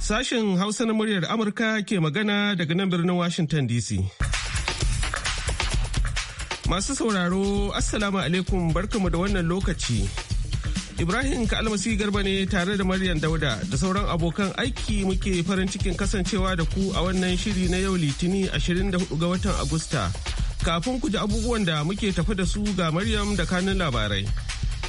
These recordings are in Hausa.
Sashen Hausa na muryar Amurka ke magana daga nan birnin Washington DC. Masu sauraro, Assalamu alaikum barkamu da wannan lokaci. Ibrahim Kalmasi Garba ne tare da Maryam Dauda da sauran abokan aiki muke farin cikin kasancewa da ku a wannan shiri na yau Litini 24 ga watan Agusta. Kafin ku ji abubuwan da muke tafi da su ga Maryam da kanun labarai.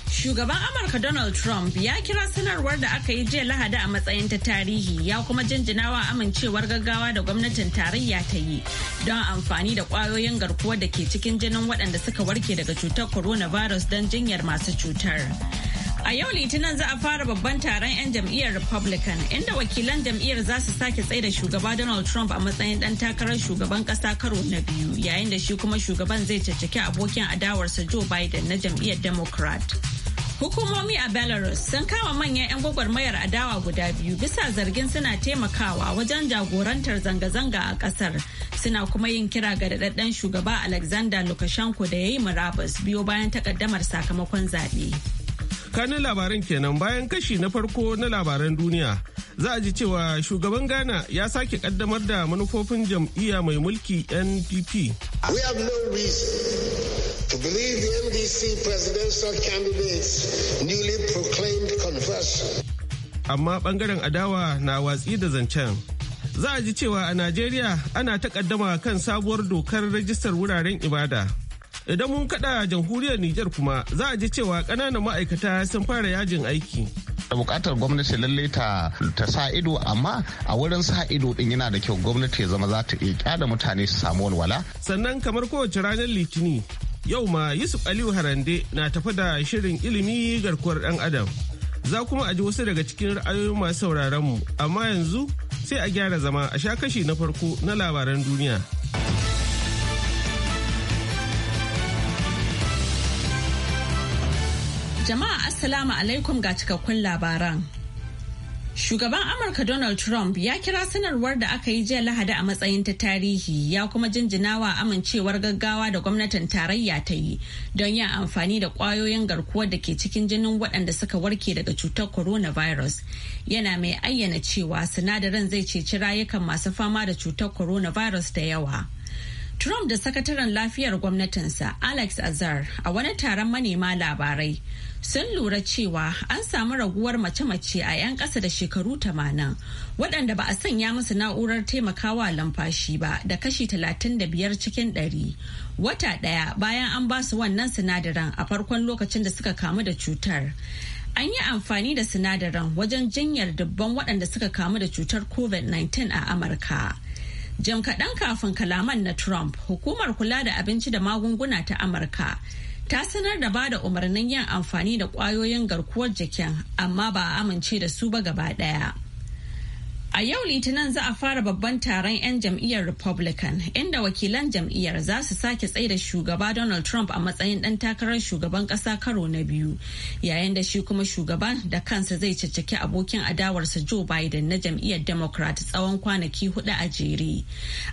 Shugaban Amurka Donald Trump ya kira sanarwar da aka yi jiya Lahadi a matsayin ta tarihi ya kuma jinjinawa amincewar gaggawa da gwamnatin tarayya ta yi don amfani da kwayoyin garkuwa da ke cikin jinin waɗanda suka warke daga cutar coronavirus don jinyar masu cutar. A yau Litinin za a fara babban taron 'yan jam'iyyar Republican inda wakilan jam'iyyar za su sake tsaida shugaba Donald Trump a matsayin dan takarar shugaban ƙasa karo na biyu yayin da shi kuma shugaban zai caccaki abokin adawarsa Joe Biden na jam'iyyar Democrat. Hukumomi a Belarus sun kama manyan 'yan gwagwarmayar adawa guda biyu bisa zargin suna taimakawa wajen jagorantar zanga-zanga a kasar suna kuma yin kira ga daɗaɗɗen shugaba Alexander Lukashenko da ya yi murabus biyo bayan takaddamar sakamakon zaɓe. tsakanin labaran kenan bayan kashi na farko na labaran duniya za a ji cewa shugaban ghana ya sake kaddamar da manufofin jam'iyya mai mulki npp we have no reason to believe MDC presidential candidates newly proclaimed conversion. Amma bangaren adawa na watsi da zancen. Za a ji cewa a Najeriya ana takaddama kan sabuwar dokar rajistar wuraren ibada. Idan mun kada jamhuriyar Nijar kuma za a ji cewa ƙananan ma'aikata sun fara yajin aiki. da bukatar gwamnati lallai ta ta sa ido amma a wurin sa ido din yana da kyau gwamnati ya zama za ta iya kyada mutane su samu walwala sannan kamar kowace ranar litini yau ma yusuf aliyu harande na tafi da shirin ilimi garkuwar dan adam za kuma a ji wasu daga cikin ra'ayoyin masu sauraron mu amma yanzu sai a gyara zama a sha kashi na farko na labaran duniya Jama'a Assalamu alaikum ga cikakkun labaran. Shugaban Amurka Donald Trump ya kira sanarwar da aka yi jiya Lahadi a matsayin ta tarihi ya kuma jinjinawa amincewar gaggawa da gwamnatin tarayya ta yi don yin amfani da kwayoyin garkuwar da ke cikin jinin waɗanda suka warke daga cutar coronavirus. Yana mai ayyana cewa sinadarin zai ceci rayukan masu fama da cutar coronavirus da yawa. Trump da sakataren lafiyar gwamnatinsa Alex Azar a wani taron manema labarai sun lura cewa an samu raguwar mace-mace a 'yan ƙasa da shekaru 80 waɗanda ba a sanya musu na'urar taimakawa lamfashi ba da kashi 35 cikin 100 wata ɗaya bayan an ba su wannan sinadaran a farkon lokacin da suka kamu da cutar. An yi amfani da sinadaran wajen jinyar dubban waɗanda suka kamu da cutar COVID-19 a Amurka. Jim kaɗan kafin kalaman na Trump, hukumar kula da abinci da magunguna ta Amurka ta sanar da ba da umarnin yin amfani da ƙwayoyin garkuwar jikin amma ba a amince da su ba gaba ɗaya. A yau Litinin za a fara babban taron 'yan jam'iyyar Republican inda wakilan jam'iyyar za su sake tsaida shugaba Donald Trump a matsayin ɗan takarar shugaban ƙasa karo na biyu, yayin da shi kuma shugaban da kansa zai caccaki abokin adawarsa Joe Biden na jam'iyyar Democrat tsawon kwanaki hudu a jere.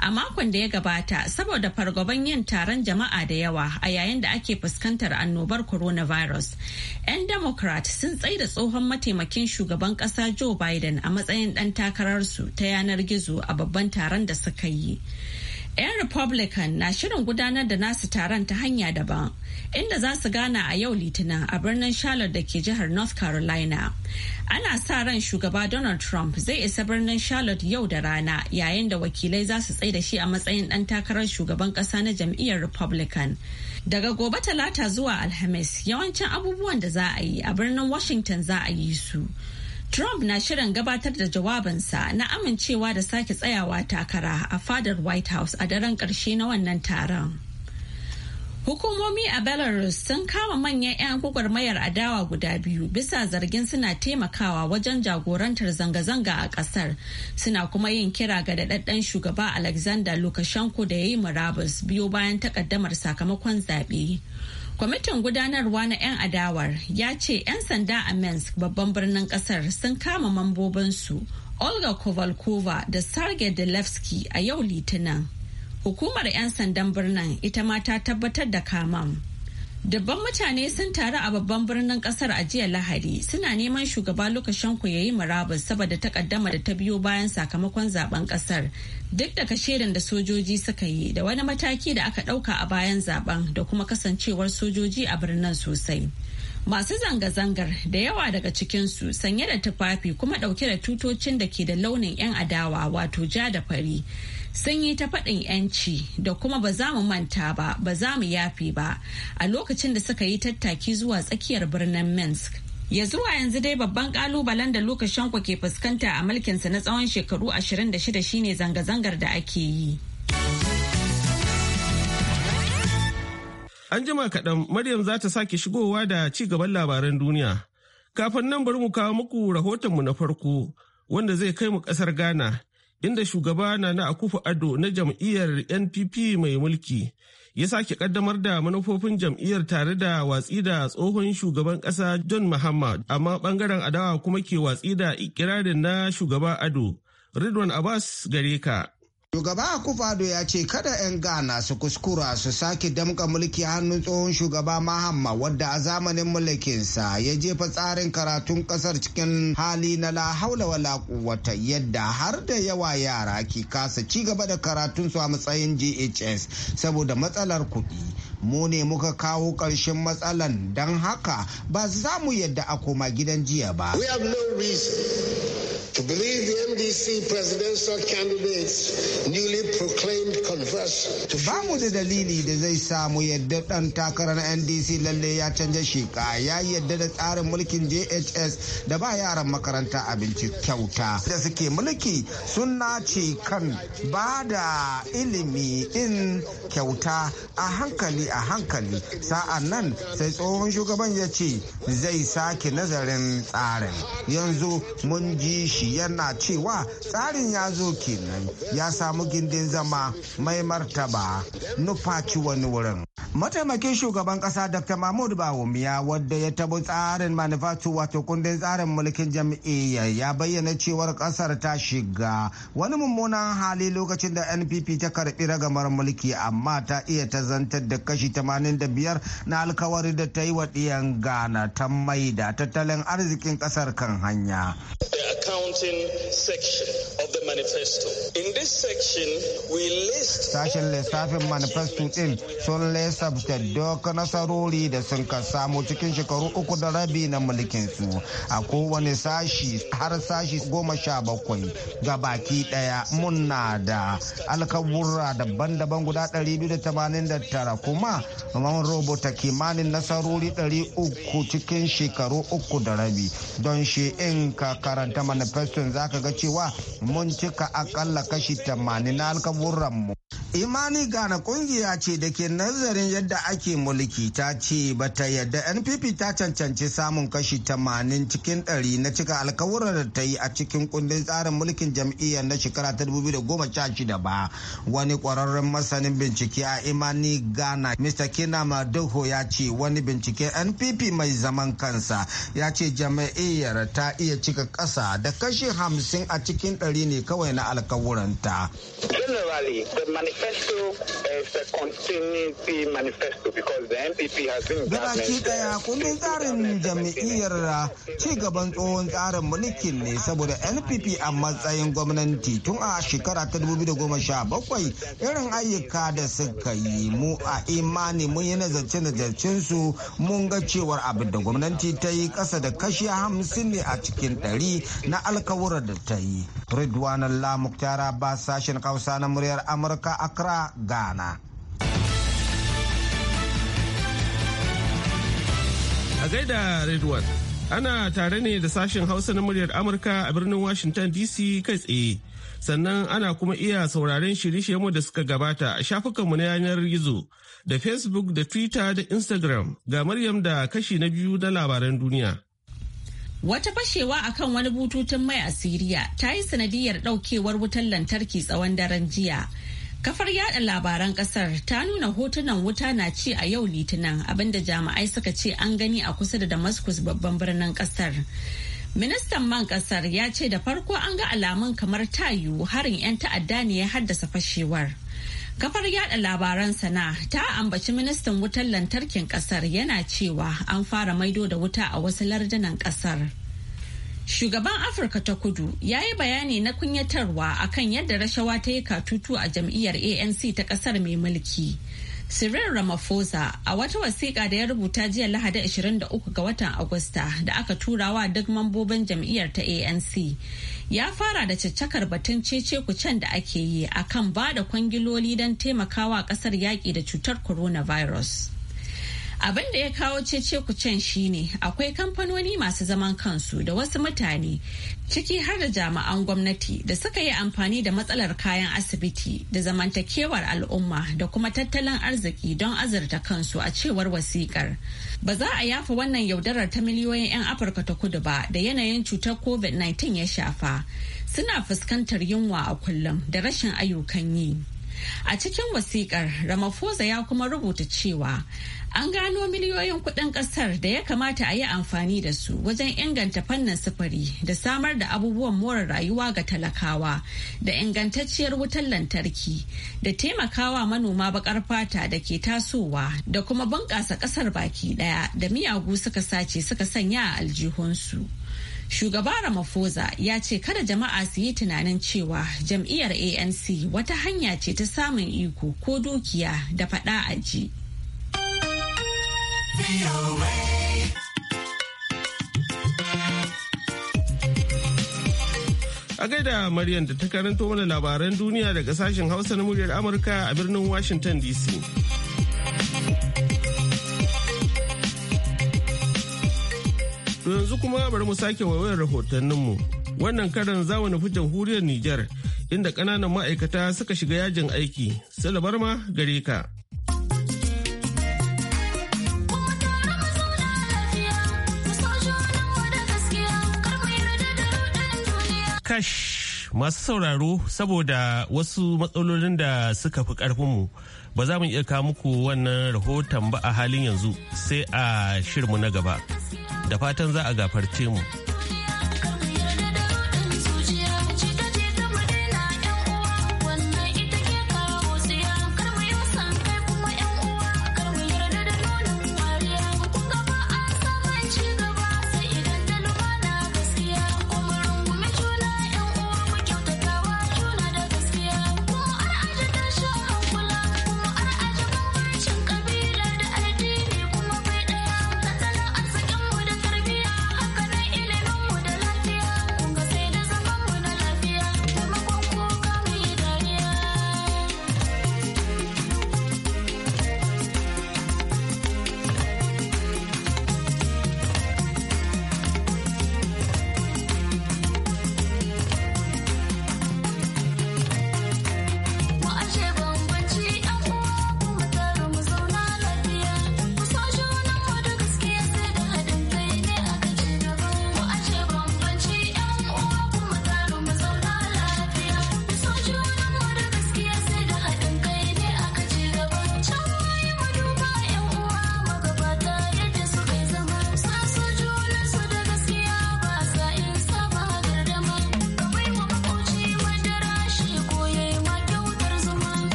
A makon da ya gabata, saboda fargaban yin taron jama'a da yawa a yayin da ake fuskantar annobar coronavirus, 'yan Democrat sun tsaida tsohon mataimakin shugaban ƙasa Joe Biden a matsayin ɗan takarar takararsu ta yanar gizo a babban taron da suka yi. 'Yan Republican na shirin gudanar da nasu taron ta hanya daban, inda za su gana a yau Litinin a birnin Charlotte da ke jihar North Carolina. Ana sa ran shugaba Donald Trump zai isa birnin Charlotte yau da rana yayin da wakilai za su tsaye da shi a matsayin ɗan takarar shugaban ƙasa na jam'iyyar Republican. Daga gobe talata zuwa Alhamis, yawancin abubuwan da za a yi a birnin Washington za a yi su. Trump na shirin gabatar da jawabinsa na amincewa da sake tsayawa takara a fadar White House a daren ƙarshe na wannan taron. Hukumomi a Belarus sun kama manyan 'yan gwagwarmayar adawa guda biyu bisa zargin suna taimakawa wajen jagorantar zanga-zanga a kasar suna kuma yin kira ga daɗaɗɗen shugaba Alexander Lukashenko da ya yi murabus biyu bayan takaddamar sakamakon zaɓe. Kwamitin gudanarwa na 'yan adawar ya ce 'yan sanda a Minsk babban birnin kasar sun kama mambobinsu Olga Kovalkova da Sergei Delevsky a yau Litinin. Hukumar 'yan sandan birnin ita ma ta tabbatar da kaman. Dabban mutane sun taru a babban birnin kasar a jiya Lahadi suna neman shugaba lokacin ku yayi murabus saboda takaddama da ta biyo bayan sakamakon zaben kasar duk da kasherin da sojoji suka yi da wani mataki da aka dauka a bayan zaben da kuma kasancewar sojoji a birnin sosai. Masu zanga-zangar da yawa daga cikin su sanye da tufafi kuma dauke da tutocin da ke da launin 'yan adawa wato ja da fari. sun yi ta faɗin 'yanci da kuma ba za mu manta ba ba za mu yafi ba a lokacin da suka yi tattaki zuwa tsakiyar birnin minsk ya zuwa yanzu dai babban kalubalen da lukashenko ke fuskanta a mulkinsa na tsawon shekaru 26 shine zanga-zangar da ake yi an jima kaɗan maryam za ta sake shigowa da ci gaban labaran duniya kafin nan bari mu kawo muku rahotonmu na farko wanda zai kai mu ƙasar ghana inda shugaba na Akufu Ado na jam'iyyar NPP mai mulki ya sake kaddamar da manufofin jam'iyyar tare da watsi da tsohon shugaban kasa John Muhammad, amma bangaren adawa kuma ke watsi da ikirarin na shugaba Ado. Ridwan Abbas gare ka. Shugaba Akufado ya ce kada 'yan Ghana su kuskura su sake damka mulki hannun tsohon shugaba Mahamma wadda a zamanin mulkinsa ya jefa tsarin karatun kasar cikin hali na la wala wata yadda har da yawa yara ke kasa ci gaba da karatun su a matsayin GHS saboda matsalar kuɗi. Mu ne muka kawo ƙarshen matsalan don haka ba za mu yadda a koma gidan jiya ba. We have To believe the MDC presidential candidate's newly proclaimed conversion. Ba mu da dalili da zai samu yadda dan takarar NDC lalle ya canja sheka ya yadda da tsarin mulkin JHS da ba yaran makaranta abinci kyauta da suke mulki sun nace kan ba da ilimi in kyauta a hankali a hankali sa'an nan sai tsohon shugaban ya ce zai sake nazarin tsarin yanzu mun ji shi yana cewa tsarin ya zo kenan ya samu gindin zama mai martaba nufaci wani wurin mataimakin shugaban kasa dr mahmud bawumiya wadda ya tabo tsarin manufatu wato kundin tsarin mulkin jam'iyya ya bayyana cewar kasar ta shiga wani mummunan hali lokacin da npp ta karbi ragamar mulki amma ta iya ta zantar da kashi 85 na alkawari da ta yi wa ɗiyan ghana ta maida tattalin arzikin kasar kan hanya accounting section of the manifesto. In this section, we list Sashen lissafin manifesto din sun da duk nasarori da sun ka samu cikin shekaru uku da rabi na mulkin su a kowane sashi har sashi goma sha bakwai ga baki daya muna da alkawura daban-daban guda 289 kuma man rubuta kimanin nasarori 300 cikin shekaru uku da rabi don shi in ka karanta manifesto kaston zaka ga cewa mun cika akalla kashi 80 na alkaburan mu Imani Gana kungiya ce da ke nazarin yadda ake mulki ta ce ba ta yadda NPP ta cancanci samun kashi 80 cikin 100 na cika alkawuran da ta yi a cikin kundin tsarin mulkin jam'iyyar na shekara ta 2016 ba. Wani kwararren masanin bincike a Imani Gana Mr. kina Doho ya ce wani bincike NPP mai zaman kansa ya ce jam'iyyar ta iya cika kasa da kashi 50 a cikin 100 ne kawai na alkawuranta. manifesto is eh, a continuity manifesto because the NPP has been ki daya kundin tsarin jam'iyyar ci gaban tsohon tsarin mulkin ne saboda NPP a matsayin gwamnati tun a shekara ta 2017 irin ayyuka da suka yi mu a imani mun yi nazarce nazarcen su mun ga cewar abin da gwamnati ta yi kasa da kashi hamsin ne a cikin ɗari na alkawura da ta yi. Ridwan lamuk tara ba sashen Hausa na muryar Amurka a Accra, Ghana. A gaida Redwood, ana tare ne da sashen Hausa na muryar Amurka a birnin Washington DC kai tsaye. Sannan ana kuma iya sauraren shirye-shiryenmu da suka gabata a shafukanmu na yanar gizo da Facebook da Twitter da Instagram ga Maryam da kashi na biyu na labaran duniya. Wata fashewa a kan wani bututun mai a Siriya ta yi sanadiyar ɗaukewar wutar lantarki tsawon daren jiya. Kafar yada labaran kasar ta nuna hotunan wuta na ci a yau litinin abinda jami'ai suka ce an gani a kusa da Damascus babban birnin kasar. Ministan man kasar ya ce da farko an ga alamun kamar tayu harin 'yan ta'adda ne ya haddasa fashewar. Kafar yada labaran sana ta ambaci ministan wutan lantarkin kasar yana cewa an fara maido da wuta a wasu lardunan kasar. Shugaban Afirka ta kudu ya yi bayani na kunyatarwa akan yadda rashawa ta yi katutu a jam'iyyar ANC ta kasar mai mulki. Cyril Ramaphosa a wata wasiƙa da ya rubuta jiya Lahadi 23 ga watan Agusta da aka turawa duk mambobin jam'iyyar ta ANC. Ya fara da caccakar batun cece kucen da ake yi akan ba da kwangiloli don taimakawa ƙasar yaƙi da cutar coronavirus. abin da ya kawo cece kucen shine akwai kamfanoni masu zaman kansu da wasu mutane ciki har da jami'an gwamnati da suka yi amfani da matsalar kayan asibiti da zamantakewar al'umma da kuma tattalin arziki don azurta kansu a cewar wasikar ba za a yafa wannan yaudarar ta miliyoyin 'yan afirka ta kudu ba da yanayin cutar covid-19 ya shafa suna fuskantar yunwa a kullum da rashin ayyukan yi a cikin wasikar ramaphosa ya kuma rubuta cewa An gano miliyoyin kuɗin ƙasar da ya kamata a yi amfani da su wajen inganta fannin sufuri da samar da abubuwan more rayuwa ga talakawa da ingantacciyar wutar lantarki da taimakawa manoma baƙar fata da ke tasowa da kuma bunƙasa ƙasar baki ɗaya da miyagu suka sace suka sanya a aljihunsu. Shugaba Ramaphosa ya ce kada jama'a su yi tunanin cewa jam'iyyar ANC wata hanya ce ta samun iko ko dukiya da faɗa a ji. A gaida Maryam da ta karanto mana labaran duniya daga sashen Hausa na muryar Amurka a birnin Washington DC. To yanzu kuma bari mu sake wayoyin rahotanninmu. Wannan karan za mu nufi jamhuriyar Nijar inda ƙananan ma'aikata suka shiga yajin aiki. Salabar ma gare ka. kash masu sauraro saboda wasu matsalolin da suka fi karfinmu ba za mu iya kawo muku wannan rahoton ba a halin yanzu sai a shirmu na gaba da fatan za a gafarce mu.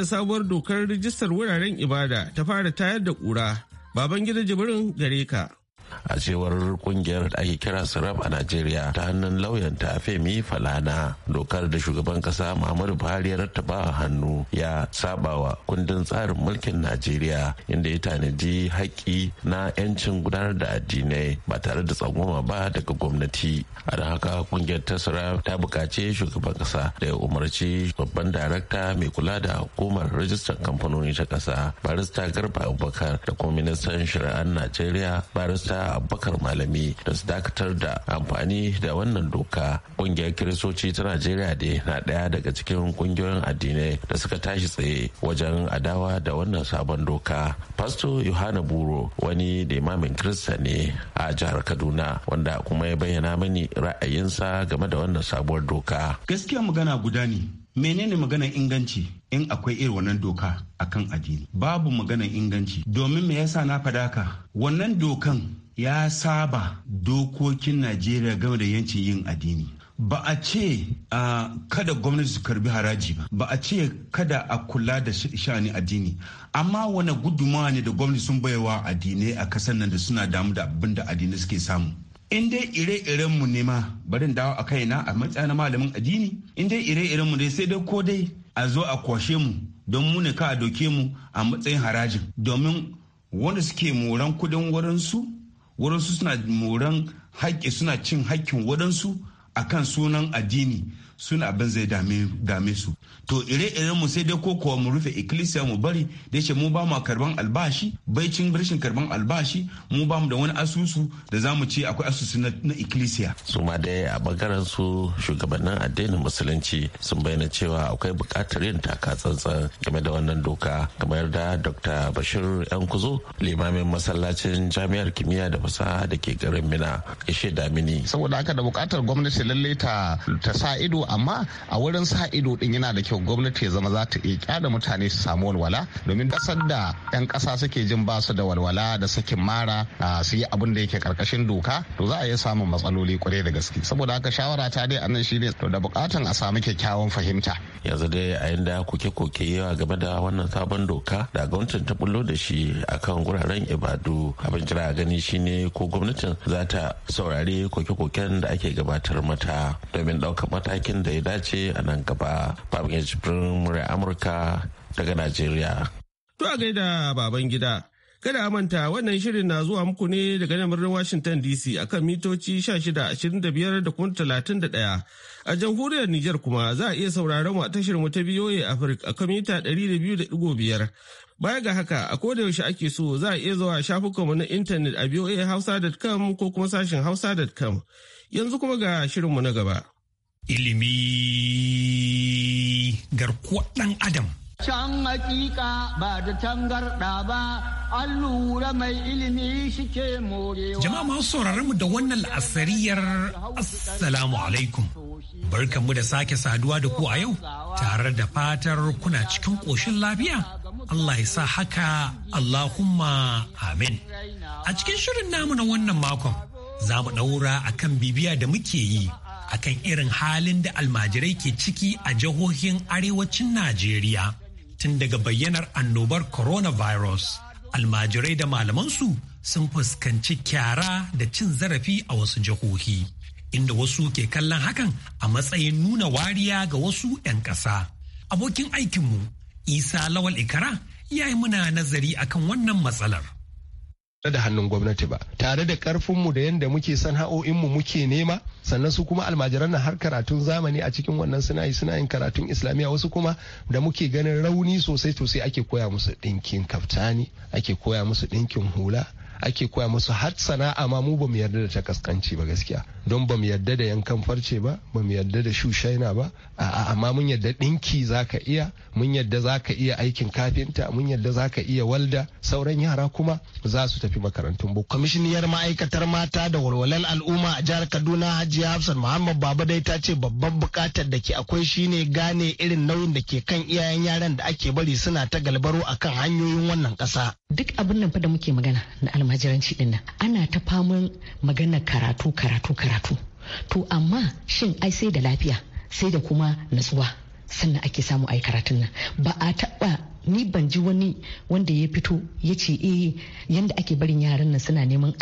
da sabuwar dokar rijistar wuraren ibada ta fara tayar da kura baban gida jibirin gare ka a cewar kungiyar da ake kira sirab a najeriya ta hannun lauyan ta femi falana dokar da shugaban kasa muhammadu buhari ya rattaba a hannu ya sabawa kundin tsarin mulkin najeriya inda ya tanadi haƙƙi na 'yancin gudanar da addinai ba tare da tsangwama ba daga gwamnati a da haka kungiyar ta sirab ta buƙaci shugaban kasa da ya umarci babban darakta mai kula da hukumar rajistar kamfanoni ta kasa barista garba abubakar da kuma ministan shari'ar najeriya barista abubakar malami da su dakatar da amfani da wannan doka kungiyar kiristoci ta najeriya da na daya daga cikin kungiyoyin addinai da suka tashi tsaye wajen adawa da wannan sabon doka pasto yohana buro wani limamin kirista ne a jihar kaduna wanda kuma ya bayyana mani ra'ayinsa game da wannan sabuwar doka gaskiya magana guda ne menene magana inganci in akwai irin wannan doka akan addini babu magana inganci domin me yasa na fadaka wannan dokan ya saba dokokin najeriya game da yancin yin addini ba a ce kada gwamnati su karbi haraji ba ba a ce kada a kula da sha'ani addini amma wani gudumawa ne da gwamnati sun baiwa addinai a kasar nan da suna damu da abin da addinai suke samu in dai ire-iren mu ne ma barin dawo a kaina a matsayin malamin addini in dai ire-iren mu dai sai dai ko dai a zo a kwashe mu don mu ne ka a doke mu a matsayin harajin domin wanda suke moran kudin su waɗansu suna moran haƙƙi suna cin haƙƙin waɗansu akan sunan addini suna abin zai dame su to ire ire mu sai dai ko kuwa mu rufe ikkilisiya mu bari da ce mu ba mu karban albashi baicin rashin karban albashi mu ba mu da wani asusu da za mu ce akwai asusu na ikkilisiya su ma dai a bangaren su shugabannin addinin musulunci sun bayyana cewa akwai bukatar yin taka tsantsan game da wannan doka kamar da dr bashir yan kuzo limamin masallacin jami'ar kimiyya da fasaha da ke garin mina ishe damini saboda haka da bukatar gwamnati lallai ta sa ido amma a wurin sa ido din yana da kyau gwamnati ya zama za ta iya kyada mutane su samu walwala domin kasar da 'yan kasa suke jin ba su da walwala da sakin mara su yi abin da yake karkashin doka to za a iya samun matsaloli kwarai da gaske saboda haka shawara ta dai anan shine to da bukatan a samu kyakkyawan fahimta yanzu dai a inda koke-koke yawa game da wannan sabon doka da gwamnatin ta bullo da shi akan guraren ibadu abin jira gani shine ko gwamnatin za ta saurari koke-koken da ake gabatar mata domin ɗaukar matakin da ya dace a nan gaba babin ya murya amurka daga najeriya to a gaida baban gida kada a manta wannan shirin na zuwa muku ne daga nan birnin washington dc akan mitoci shida, ashirin da kuma 31 a jamhuriyar Nijar kuma za a iya sauraron mu a tashar mu ta BOA Afirka a mita 200.5. Baya ga haka a koda yaushe ake so za a iya zuwa shafukan mu na intanet a Hausa.com ko kuma sashin hausa.com. Yanzu kuma ga shirin mu na gaba. ilimi garkuwa ɗan adam. Can hakika ba da tangarɗa ba, an lura mai ilimi shi ke morewa. Jama'a masu sauraron mu da wannan la'asariyar Assalamu alaikum. Barkanmu da sake saduwa da ku a yau, tare da fatar kuna cikin ƙoshin lafiya. Allah ya sa haka Allahumma amin. A cikin shirin namu na wannan makon, za mu ɗaura a kan bibiya da muke yi akan irin halin da almajirai ke ciki a jihohin arewacin Najeriya tun daga bayyanar annobar coronavirus. Almajirai da malamansu sun fuskanci kyara da cin zarafi a wasu jihohi, inda wasu ke kallon hakan a matsayin nuna wariya ga wasu 'yan ƙasa. Abokin aikinmu, Isa Lawal Ikara, ya yi muna nazari akan wannan matsalar. da hannun gwamnati ba tare da karfinmu da yadda muke san ha'o'inmu muke nema sannan su kuma almajiran har karatun zamani a cikin wannan suna yi suna yin karatun islamiyya wasu kuma da muke ganin rauni sosai to sai ake koya musu ɗinkin kaftani ake koya musu ɗinkin hula ake koya musu har sana'a ma mu bamu yarda da ta kaskanci ba gaskiya don bamu yarda da yankan farce ba bamu yarda da shushaina ba a'a amma mun yarda dinki zaka iya mun yarda zaka iya aikin kafinta mun yarda zaka iya walda sauran yara kuma za su tafi makarantun boko kwamishiniyar ma'aikatar mata da walwalan al'umma a jihar Kaduna Hajiya Hafsat Muhammad Baba dai ta ce babban bukatar da ke akwai shine gane irin nauyin da ke kan iyayen yaran da ake bari suna ta galbaro akan hanyoyin wannan kasa duk abin nan fa da muke magana da majalanci din nan ana ta faman magana karatu karatu karatu to amma shin ai sai da lafiya sai da kuma natsuwa sannan ake samu ai karatun nan ba a taɓa ni ban ji wani wanda ya fito ya ce eh yanda ake barin yaran nan suna neman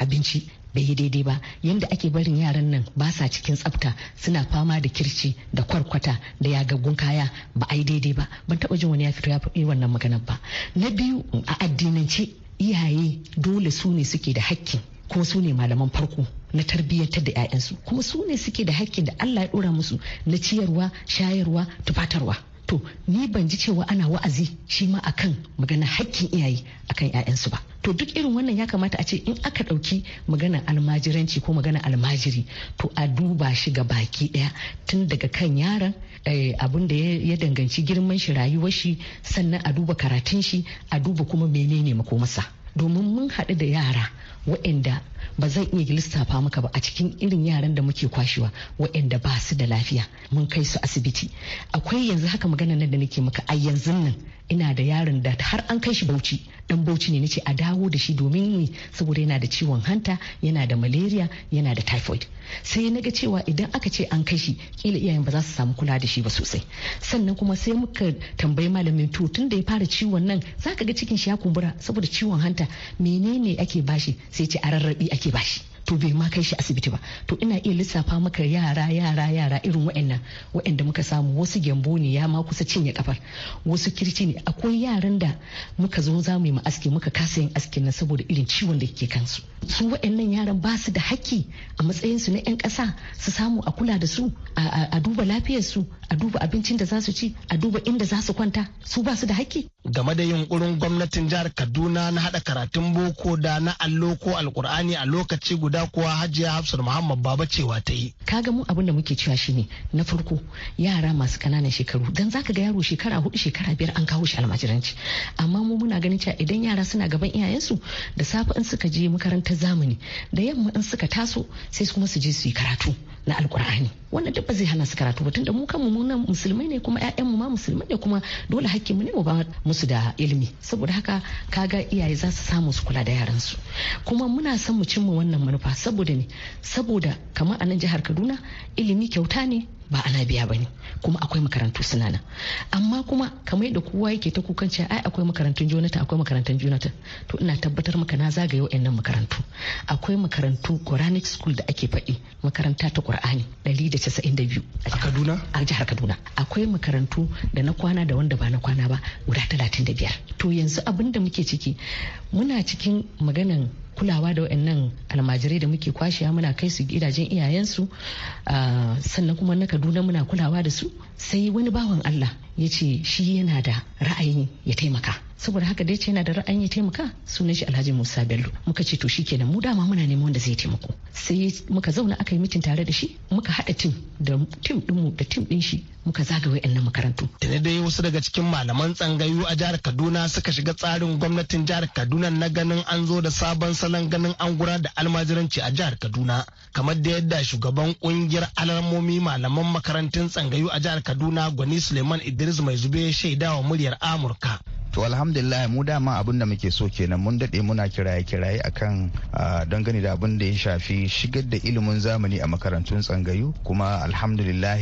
abinci bai yi daidai ba yanda ake barin yaran nan ba sa cikin tsafta suna fama da kirci da kwarkwata da yagaggun kaya ba a yi daidai ba ban taba jin wani ya fito ya faɗi wannan maganar ba na biyu a addinance iyaye dole su ne suke da hakki kuma su ne malaman farko na tarbiyyantar da 'ya'yansu kuma su ne suke da hakkin da Allah ya ɗora musu na ciyarwa shayarwa tufatarwa to ni ban ji cewa ana wa'azi shi ma akan magana hakkin iyaye akan 'ya'yansu ba to duk irin wannan ya kamata a ce in aka ɗauki magana almajiranci ko magana almajiri to a duba shi ga baki ɗaya tun daga kan yaron eh, abin da ya danganci girman shi rayuwar shi sannan a duba karatun shi a duba kuma menene makomasa domin mun haɗu da yara waɗanda ba zan iya lissafa maka ba a cikin irin yaran da muke kwashewa waɗanda ba su da lafiya mun kai su asibiti akwai yanzu haka magana nan da nake maka a yanzu nan ina da yaron da har an kai shi bauchi dan bauchi ne nace a dawo da shi domin ni saboda yana da ciwon hanta yana da malaria yana da typhoid sai na ga cewa idan aka ce an kai shi kila iyayen ba za su samu kula da shi ba sosai sannan kuma sai muka tambayi malamin to tun da ya fara ciwon nan zaka ga cikin shi ya kumbura saboda ciwon hanta menene ake bashi sai ce a rarrabi ake bashi to bai ma kai shi asibiti ba to ina iya lissafa maka yara yara yara irin wa'annan wa'anda muka samu wasu gyambo ne ya ma kusa cinye kafar wasu kirci ne akwai yaran da muka zo za mu yi aski muka kasa yin askin na saboda irin ciwon da ke kansu su wa'annan yaran ba su da haƙƙi a matsayin su na 'yan ƙasa su samu a kula da su a duba lafiyar su a duba abincin da za su ci a duba inda za su kwanta su ba su da haƙƙi game da yunkurin gwamnatin jihar Kaduna na haɗa karatun boko da na allo ko alkur'ani a lokaci guda gida kuwa hajiya hafsar muhammad baba cewa ta yi kaga mu abin da muke cewa ne na farko yara masu kananan shekaru dan zaka ga yaro shekara hudu shekara biyar an kawo shi almajiranci amma mu muna ganin cewa idan yara suna gaban iyayensu da safe in suka je makarantar zamani da yamma in suka taso sai kuma su je su yi karatu na alkur'ani wannan duk ba zai hana su karatu ba tunda mu kanmu mu nan musulmai ne kuma ƴaƴan mu ma musulmai ne kuma dole hakkin mu ne mu ba musu da ilimi saboda haka kaga iyaye za su samu su kula da yaran su kuma muna son mu cimma wannan manufa ba saboda ne saboda kamar a nan jihar kaduna ilimi kyauta ne ba ana biya ba ne kuma akwai makarantu suna nan amma kuma kamar yadda kowa yake ta kukan cewa ai akwai makarantun jonathan akwai makarantun jonathan to ina tabbatar maka na zagaye wa'annan makarantu akwai makarantu quranic school da ake faɗi makaranta ta qur'ani 192 a kaduna a jihar kaduna akwai makarantu da na kwana da wanda ba na kwana ba guda talatin da biyar to yanzu abin da muke ciki muna cikin maganan kulawa da waɗannan almajirai da muke kwashewa muna kai su gidajen iyayensu ah, sannan kuma na kaduna muna kulawa da su sai wani bawan Allah ya ce shi yana da ra'ayin ya taimaka saboda haka dai ce yana da ra'ayin ya taimaka sunan shi Alhaji Musa Bello muka ce to shi shikenan mu dama muna neman wanda zai taimako sai muka zauna aka yi mitin tare da shi muka haɗa tim da tim mu da tim ɗin shi muka zaga wayannan makarantu da dai wasu daga cikin malaman tsangayu a jihar Kaduna suka shiga tsarin gwamnatin jihar Kaduna na ganin an zo da sabon salon ganin an gura da almajiranci a jihar Kaduna kamar da yadda shugaban kungiyar alamomi malaman makarantun tsangayu a jihar kaduna gwani suleiman idris mai zube shaida wa muryar amurka to alhamdulillah mu dama abin da muke so kenan mun dade muna kiraye kiraye akan dangane da abin da ya shafi shigar da ilimin zamani a makarantun tsangayu kuma alhamdulillah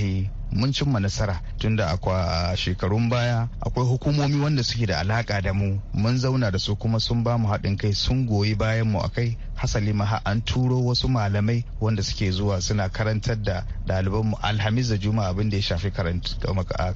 mun cimma nasara tunda akwa shekarun baya akwai hukumomi wanda suke da alaka da mu mun zauna da su kuma sun ba mu haɗin kai sun goyi bayan mu akai hasali maha an turo wasu malamai wanda suke zuwa suna karantar da ɗaliban mu alhamis da juma abin da ya shafi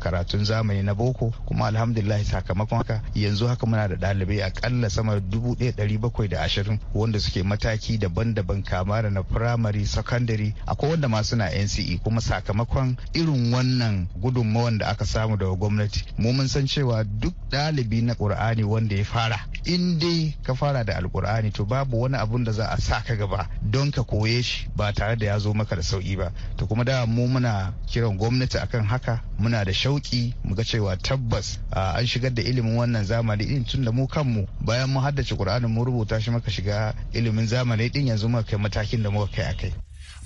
karatun zamani na boko kuma alhamdulillah sakamakon haka yanzu haka muna da ɗalibai akalla sama dubu ɗaya ɗari bakwai da ashirin wanda suke mataki daban-daban kama da na firamare sakandare akwai wanda ma suna nce kuma sakamakon irin wannan gudunmawan da aka samu daga gwamnati mu mun san cewa duk ɗalibi na ƙur'ani wanda ya fara in dai ka fara da alƙur'ani to babu wani abun da za a sa ka gaba don ka koye shi ba tare da ya zo maka da sauki ba to kuma da mu muna kiran gwamnati akan haka muna da shauki ga cewa tabbas an shigar da ilimin wannan zamani din tun da mu kanmu bayan mu haddace Qur'anin mu rubuta shi maka shiga ilimin zamani din yanzu muka kai matakin da muka kai akai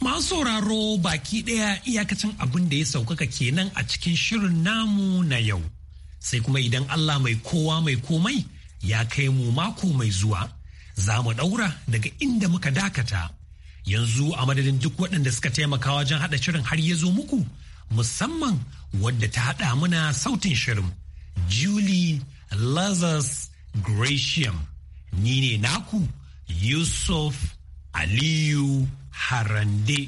Masu sauraro baki ɗaya iyakacin abin da ya saukaka kenan a cikin shirin namu na yau. Sai kuma idan Allah mai kowa mai komai ya kai mu mako mai zuwa za mu ɗaura daga inda muka dakata. Yanzu a madadin duk waɗanda suka taimaka wajen haɗa shirin har ya zo muku, musamman wadda ta haɗa muna sautin shirin. Julie Lazarus Gratiam, ni ne naku Yusuf Aliyu Harande,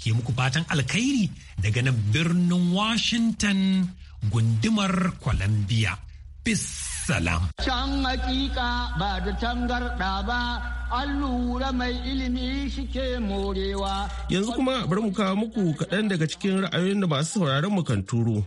ke muku fatan alkhairi daga nan birnin Washington gundumar Columbia. bisalam. Can hakika ba da tangarɗa ba, an lura mai ilimi shike morewa. Yanzu kuma bari mu kawo muku kaɗan daga cikin ra'ayoyin da masu sauraron mu kan turo.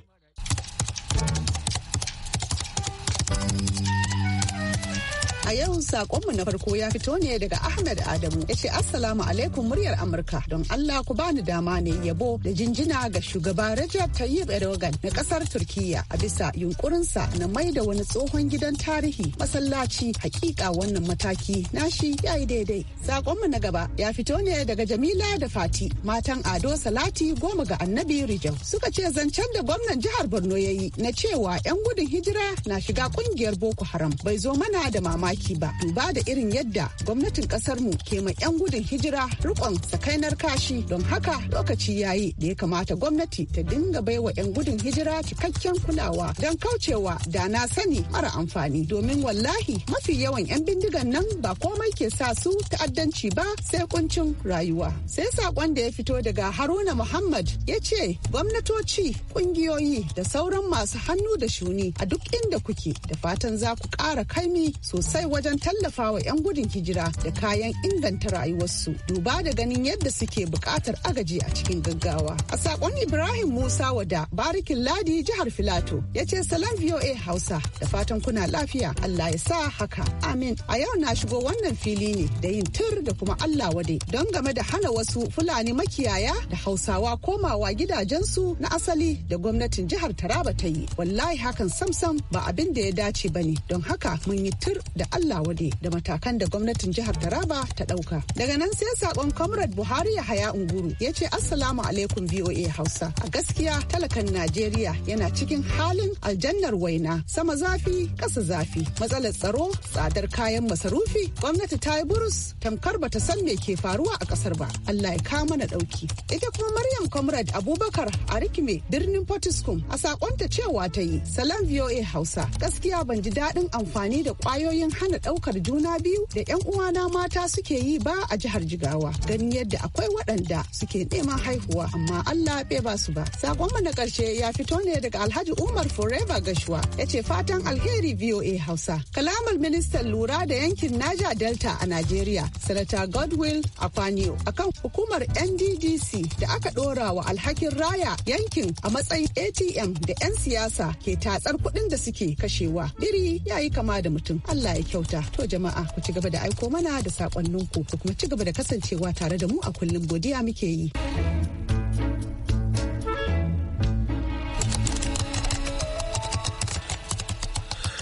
A yau sakonmu na farko ya fito ne daga Ahmed Adamu ya ce Assalamu alaikum muryar Amurka don Allah ku bani dama ne yabo da jinjina ga shugaba Rajab Tayyip Erdogan na kasar Turkiyya a bisa yunkurinsa na mai da wani tsohon gidan tarihi masallaci hakika wannan mataki nashi ya yi daidai. Sakonmu na gaba ya fito ne daga Jamila da Fati matan Ado Salati goma ga Annabi Rijau suka ce zancen da gwamnan jihar Borno ya yi na cewa 'yan gudun hijira na shiga kungiyar Boko Haram bai zo mana da mamaki aiki ba duba da irin yadda gwamnatin kasarmu ke ma 'yan gudun hijira rikon sakainar kashi don haka lokaci yayi da ya kamata gwamnati ta dinga baiwa 'yan gudun hijira cikakken kulawa don kaucewa da na sani mara amfani domin wallahi mafi yawan 'yan bindigan nan ba komai ke sa su ta'addanci ba sai kuncin rayuwa sai sakon da ya fito daga haruna muhammad ya ce gwamnatoci kungiyoyi da sauran masu hannu da shuni a duk inda kuke da fatan za ku ƙara kaimi sosai wajen tallafawa 'yan gudun hijira da kayan inganta rayuwarsu duba da ganin yadda suke buƙatar agaji a cikin gaggawa. A sakon Ibrahim Musa wada barikin ladi jihar Filato ya ce salam VOA Hausa da fatan kuna lafiya Allah ya sa haka amin. A yau na shigo wannan fili ne da yin tur da kuma Allah wade don game da hana wasu Fulani makiyaya da Hausawa komawa gidajensu na asali da gwamnatin jihar Taraba ta yi. Wallahi hakan samsam ba abin da ya dace ba ne don haka mun yi tur da Allah wade da matakan da gwamnatin jihar Taraba ta ɗauka. Daga nan sai sakon Comrade Buhari ya haya Unguru ya ce Assalamu alaikum VOA Hausa. A gaskiya talakan Najeriya yana cikin halin aljannar waina sama zafi ƙasa zafi matsalar tsaro tsadar kayan masarufi gwamnati ta yi burus tamkar ba ta san me ke faruwa a kasar ba. Allah ya kama na ɗauki. Ita kuma Maryam Comrade Abubakar a Rikime birnin Potiskum a sakonta cewa ta yi Salam BOA Hausa. Gaskiya ban ji daɗin amfani da ƙwayoyin hannu. hana ɗaukar juna biyu da 'yan uwana mata suke yi ba a jihar Jigawa. gani yadda akwai waɗanda suke neman haihuwa amma Allah bai ba su ba. Sakonmu mana ƙarshe ya fito ne daga Alhaji Umar Forever Gashuwa ya ce fatan alheri VOA Hausa. Kalamar ministan lura da yankin Naja Delta a Najeriya, Sanata Godwill Akwanio akan hukumar NDDC da aka ɗora wa alhakin raya yankin a matsayin ATM da 'yan siyasa ke tatsar kuɗin da suke kashewa. Biri ya yi kama da mutum. Allah ya kyau. kyauta to jama'a ku ci gaba da aiko mana da sakonninku ku kuma ci gaba da kasancewa tare da mu a kullum godiya muke yi.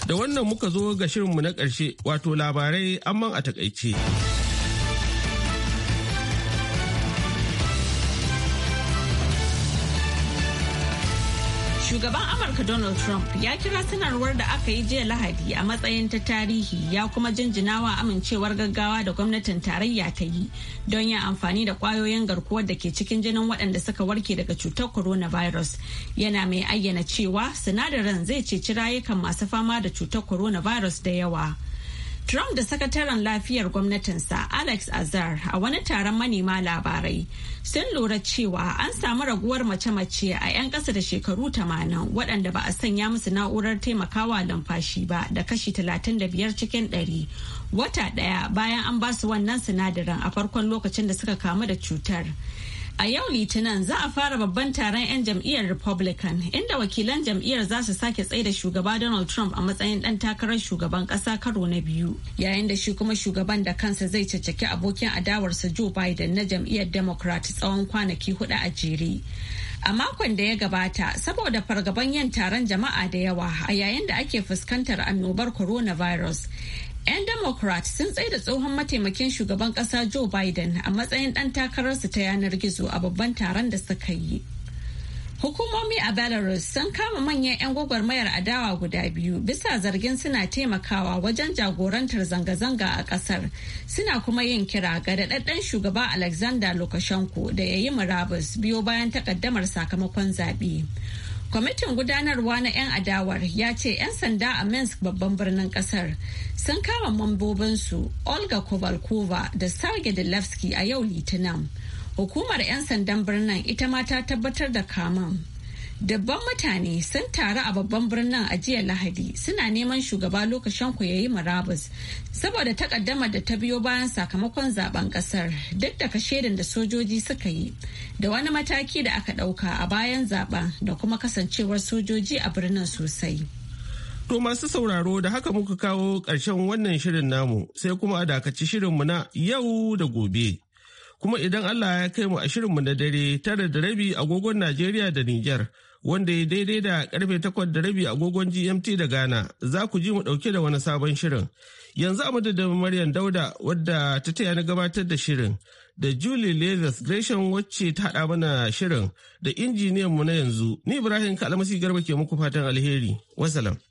Da wannan muka zo ga shirinmu na ƙarshe wato labarai amman a takaice. Shugaban Amurka Donald Trump ya kira sanarwar da aka yi jiya Lahadi a matsayin ta tarihi ya kuma jinjinawa amincewar gaggawa da gwamnatin tarayya ta yi don yin amfani da kwayoyin garkuwar da ke cikin jinin waɗanda suka warke daga cutar coronavirus. Yana mai ayyana cewa sinadarin zai ceci rayukan masu fama da cutar coronavirus da yawa. Trump da sakataren lafiyar gwamnatinsa Alex Azar a wani taron manema labarai sun lura cewa an samu raguwar mace-mace a 'yan ƙasa da shekaru 80 waɗanda ba a sanya musu na'urar taimakawa lumfashi ba da kashi 35 cikin 100 wata ɗaya bayan an ba su wannan sinadarin a farkon lokacin da suka kamu da cutar. A yau Litinin za a fara babban taron 'yan jam'iyyar Republican inda wakilan jam'iyyar za su sake tsaida shugaba Donald Trump a matsayin ɗan takarar shugaban ƙasa karo na biyu. Yayin da shi kuma shugaban da kansa zai caccaki abokin adawarsa Joe Biden na jam'iyyar Democrat tsawon kwanaki hudu a jere. A makon da ya gabata, saboda fargaban yin taron jama'a da yawa a yayin da ake fuskantar annobar coronavirus, 'Yan Democrat sun da tsohon mataimakin shugaban kasa Joe Biden a matsayin ɗan takararsu ta yanar gizo a babban taron da suka yi. Hukumomi a Belarus sun kama manyan 'yan gwagwarmayar adawa guda biyu bisa zargin suna taimakawa wajen jagorantar zanga-zanga a kasar. Suna kuma yin kira ga daɗaɗɗen shugaba Alexander Lukashenko da ya yi murabus biyo bayan takaddamar sakamakon zaɓe. kwamitin gudanarwa na 'yan adawar ya ce 'yan sanda a minsk babban birnin kasar sun kama mambobinsu olga kovalkova da sarge delevsky a yau litinin hukumar 'yan sandan birnin ita ma ta tabbatar da kaman Dabban mutane sun taru a babban birnin a jiya Lahadi suna neman shugaba lokacin ku yayi murabus saboda takaddamar da ta biyo bayan sakamakon zaben kasar duk da kashe da sojoji suka yi da wani mataki da aka dauka a bayan zaben da kuma kasancewar sojoji a birnin sosai. To masu sauraro da haka muka kawo ƙarshen wannan shirin namu sai kuma a dakaci mu na yau da gobe. Kuma idan Allah ya kai mu a shirinmu na dare tare da rabi agogon Najeriya da Nijar. wanda ya daidai da karfe takwas da rabi agogon GMT da Ghana za ku ji mu dauke da wani sabon shirin. Yanzu a da Maryam Dauda wadda ta taya na gabatar da shirin da Julie Leathers Gresham wacce ta haɗa mana shirin da injiniyan mu na yanzu ni Ibrahim Kalamasi Garba ke muku fatan alheri. Wasalam.